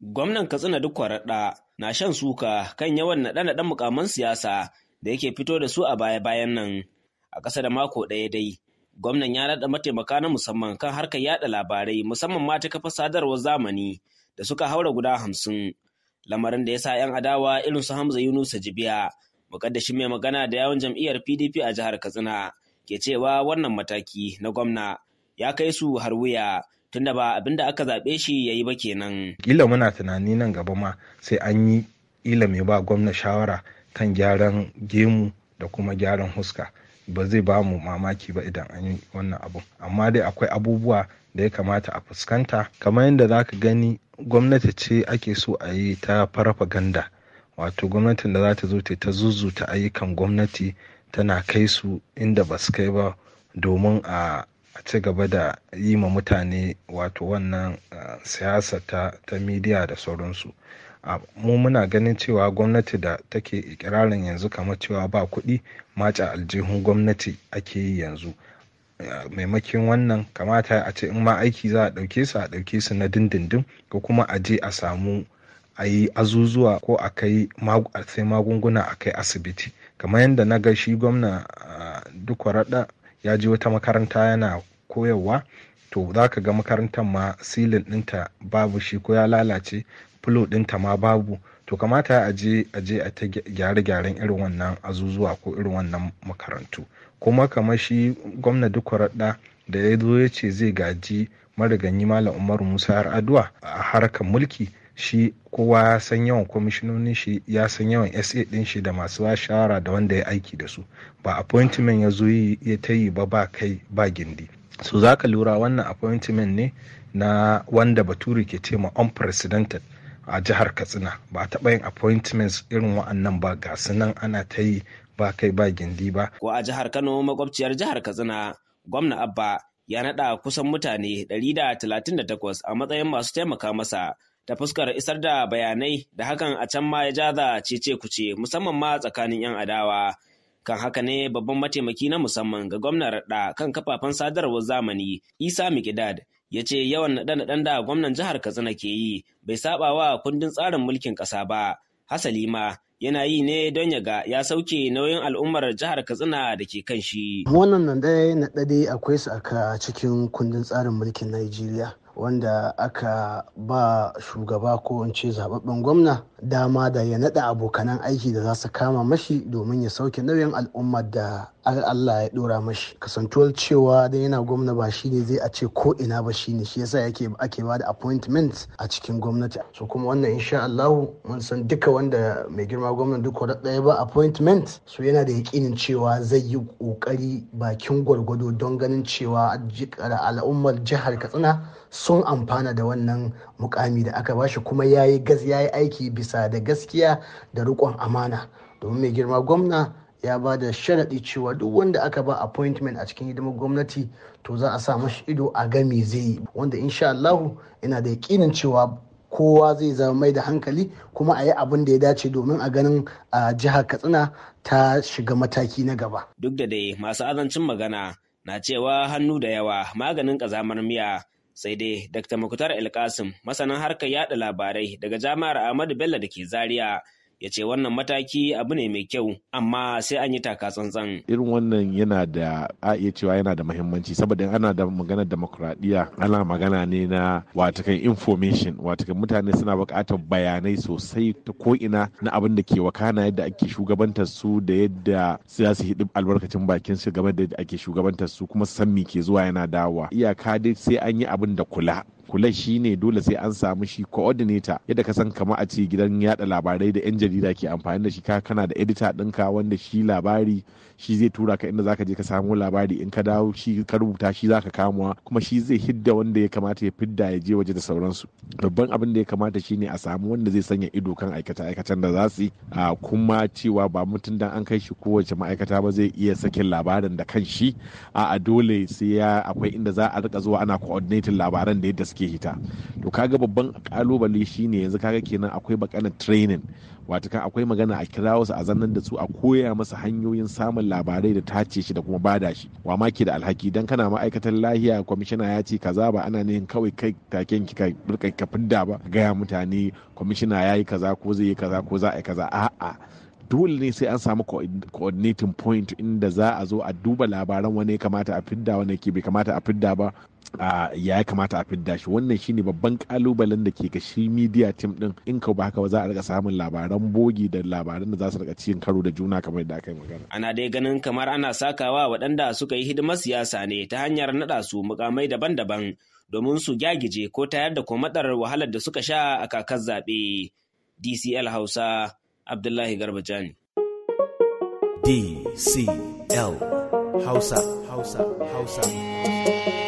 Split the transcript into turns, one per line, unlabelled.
Gwamnan Katsina duk kwararda na shan suka kan yawan naɗe-naɗen mukaman siyasa da yake fito da su a baya-bayan nan. A ƙasa da mako ɗaya dai, gwamnan ya naɗa mataimaka na musamman kan harkar yaɗa labarai musamman ma ta kafa sadarwar zamani da suka haura guda hamsin. Lamarin da ya sa 'yan adawa irin su Hamza Yunusa Jibiya, shi mai magana da yawon jam'iyyar PDP a jihar Katsina, ke cewa wannan mataki na gwamna ya kai su har wuya tunda ba abin da aka zaɓe shi ya yi ba kenan.
Kila muna tunani nan gaba ma sai an yi kila mai ba gwamna shawara kan gyaran gemu da kuma gyaran huska ba zai ba mu mamaki ba idan an yi wannan abu amma dai akwai abubuwa da ya kamata a fuskanta kamar yadda za ka gani gwamnati ce ake so a yi ta farfaganda wato gwamnatin da za ta zo ta zuzuta ayyukan gwamnati tana kai su inda ba su kai ba domin a a ci gaba da yi ma mutane wato wannan siyasa ta, ta midiya da sauransu mu muna ganin cewa gwamnati da take ikirarin yanzu kamar cewa ba kuɗi maca aljihun gwamnati ake yi yanzu maimakin wannan kamata a ce in ma aiki za a ɗauke su a ɗauke su na dindindin ko kuma a je a samu a yi azuzuwa ko a kai sai magunguna a kai asibiti kamar yadda na ga shi gwamna duk raɗa ya je wata makaranta yana koyarwa to za ka ga makarantar ma silin ɗinta babu shi ko ya lalace filo ɗinta ma babu to kamata a je a je a ta gyare-gyaren irin wannan azuzuwa ko irin wannan makarantu kuma kamar shi gwamna duk da ya zo ya ce zai gaji mariganyi malam umaru musa har addu'a a harkar mulki shi kowa ya san yawan kwamishinonin shi ya san yawan sa din shi da masu shawara da wanda ya aiki da su ba appointment ya zo ya ta yi ba ba kai ba gindi su za ka lura wannan appointment ne na wanda baturi ke ce ma unprecedented a jihar katsina ba a taɓa yin appointments irin wa'annan ba ga nan ana ta yi ba kai ba gindi ba
ko a jihar kano makwabciyar jihar katsina gwamna abba ya naɗa kusan mutane 138 a matsayin masu taimaka masa ta fuskar isar da bayanai da hakan a can ma ya jaza cece kuce musamman ma tsakanin 'yan adawa. Kan haka ne babban mataimaki na musamman ga gwamnan da kan kafafen sadarwar zamani Isa Mikidad ya ce yawan naɗe-naɗen da gwamnan jihar Katsina ke yi bai saba wa kundin tsarin mulkin ƙasa ba. Hasali ma yana yi ne don ya ga ya sauke nauyin al'ummar jihar katsina da ke kan shi
wannan nan dai na ɗaya akwai su a cikin kundin tsarin mulkin najeriya wanda aka ba shugaba ko in ce zababben gwamna dama da ya naɗa abokanan aiki da za su kama mashi domin ya sauke nauyin al'ummar da Allah ya dora mashi kasantuwar cewa da yana gwamna ba shi ne zai a ce ko ina ba shi ne shi yasa yake ake ba da appointment a cikin gwamnati so kuma wannan insha Allah mun san duka wanda mai girma gwamna duk wadda ɗaya ba appointment so yana da yakinin cewa zai yi kokari bakin gwargwado don ganin cewa al'ummar jihar Katsina sun amfana da wannan mukami da aka bashi kuma yayi gas yayi aiki bisa da gaskiya da rikon amana domin mai girma gwamna ya ba da sharaɗi cewa duk wanda aka ba appointment a cikin hidimar gwamnati to za a sa mashi ido a gami zai yi wanda insha Allah ina da yakinin cewa kowa zai zama mai da hankali kuma a yi abin da ya dace domin a ganin a jihar katsina ta shiga mataki na gaba
duk da dai masu azancin magana na cewa hannu da yawa maganin kazamar miya sai dai dr Makutar elkasim masanin harkar yada labarai daga jami'ar ahmadu bello da ke zaria ya ce wannan mataki abu ne mai kyau amma sai an yi taka tsantsan.
irin wannan yana da a iya cewa yana da mahimmanci saboda ana da magana demokuraɗiyya ana magana ne na watakan information watakan mutane suna buƙatar bayanai sosai ta ko'ina na abin da ke wakana yadda ake shugabantar su da yadda za su hidi albarkacin bakin su game da yadda ake shugabantar su kuma san me ke zuwa yana dawowa iyaka dai sai an yi abin da kula kula shi ne dole sai an samu shi coordinator yadda ka san kama a ce gidan yada labarai da 'yan jarida ke amfani da shi ka kana da editor ɗinka wanda shi labari shi zai tura ka inda zaka je ka samu labari in ka dawo shi ka rubuta shi zaka kamuwa kuma shi zai hidda wanda ya kamata ya fidda ya je waje da sauransu babban abin da ya kamata shi ne a samu wanda zai sanya ido kan aikata-aikatan da za su yi kuma cewa ba mutum dan an kai shi kowace ma'aikata ba zai iya sakin labarin da kan shi a dole sai ya akwai inda za a rika zuwa ana coordinating labaran da yadda suke hita to kaga babban kalubale shine yanzu kaga kenan akwai bakanan training wato kan akwai magana a kira wasu a zannan da su a koya masa hanyoyin samun labarai da tace shi da kuma bada shi wa ma ke da alhaki dan kana ma'aikatar lahiya kwamishina ya ce kaza ba ana nihin kawai kai taken ki ka rika ka fidda ba gaya mutane kwamishina ya yi kaza ko zai yi kaza ko za a yi kaza a'a dole ne sai an samu coordinating point inda za a zo a duba labaran wani kamata a fidda wani ke bai kamata a fidda ba ya kamata a fidda shi wannan shine babban kalubalen da ke gashin midiya media team din in ka ba haka ba za a rika samun labaran bogi da labaran da za su rika cin karo da juna kamar da
aka yi magana ana dai ganin kamar ana sakawa waɗanda suka yi hidimar siyasa ne ta hanyar naɗa su mukamai daban-daban domin su gyagije ko tayar da komadar wahalar da suka sha a kakar zaɓe dcl hausa abdullahi Garba garbajani
dcl hausa
hausa hausa